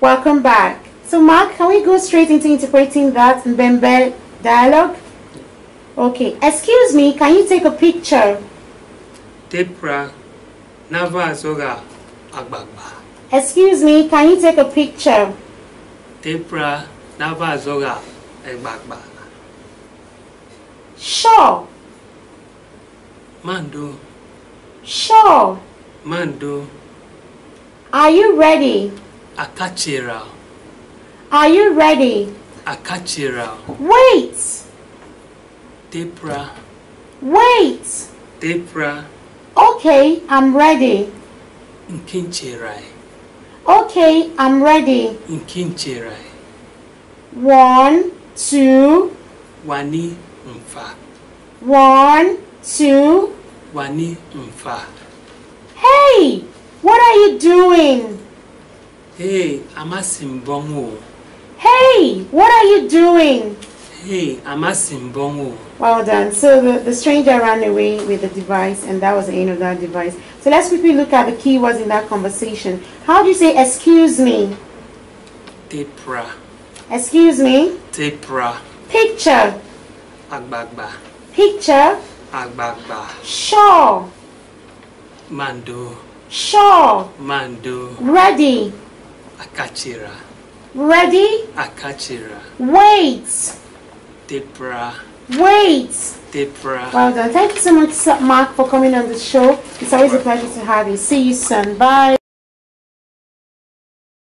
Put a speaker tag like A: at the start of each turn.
A: Welcome back. So, Mark, can we go straight into interpreting that Mbembe dialogue? Okay. Excuse me, can you take a picture?
B: Tepra zoga Agbagba.
A: Excuse me, can you take a picture?
B: Tepra zoga Agbagba.
A: Sure. Mando. Sure.
B: Mando.
A: Are you ready?
B: Akachira.
A: Are you ready?
B: Akachira. Wait. Debra.
A: Wait.
B: Debra.
A: Okay, I'm ready.
B: Nkinchirai. Okay, I'm ready. Nkinchirai. One,
A: two.
B: Wani nfa.
A: One, two.
B: Wani nfa.
A: Hey, what are you doing?
B: Hey, amasimbongo.
A: Hey, what are you doing?
B: Hey, amasimbongo.
A: Well done. So the, the stranger ran away with the device and that was the end of that device. So let's quickly look at the keywords in that conversation. How do you say excuse me?
B: Tepra.
A: Excuse me?
B: Tepra.
A: Picture. Agbagba. Picture.
B: Agbagba.
A: Shaw.
B: Mando.
A: Shaw.
B: Mando.
A: Ready.
B: Akachira.
A: Ready.
B: Akachira.
A: Wait.
B: Debra. Wait. Debra. Well
A: done. Thank you so much, Mark, for coming on the show. It's always a pleasure to have you. See you soon. Bye.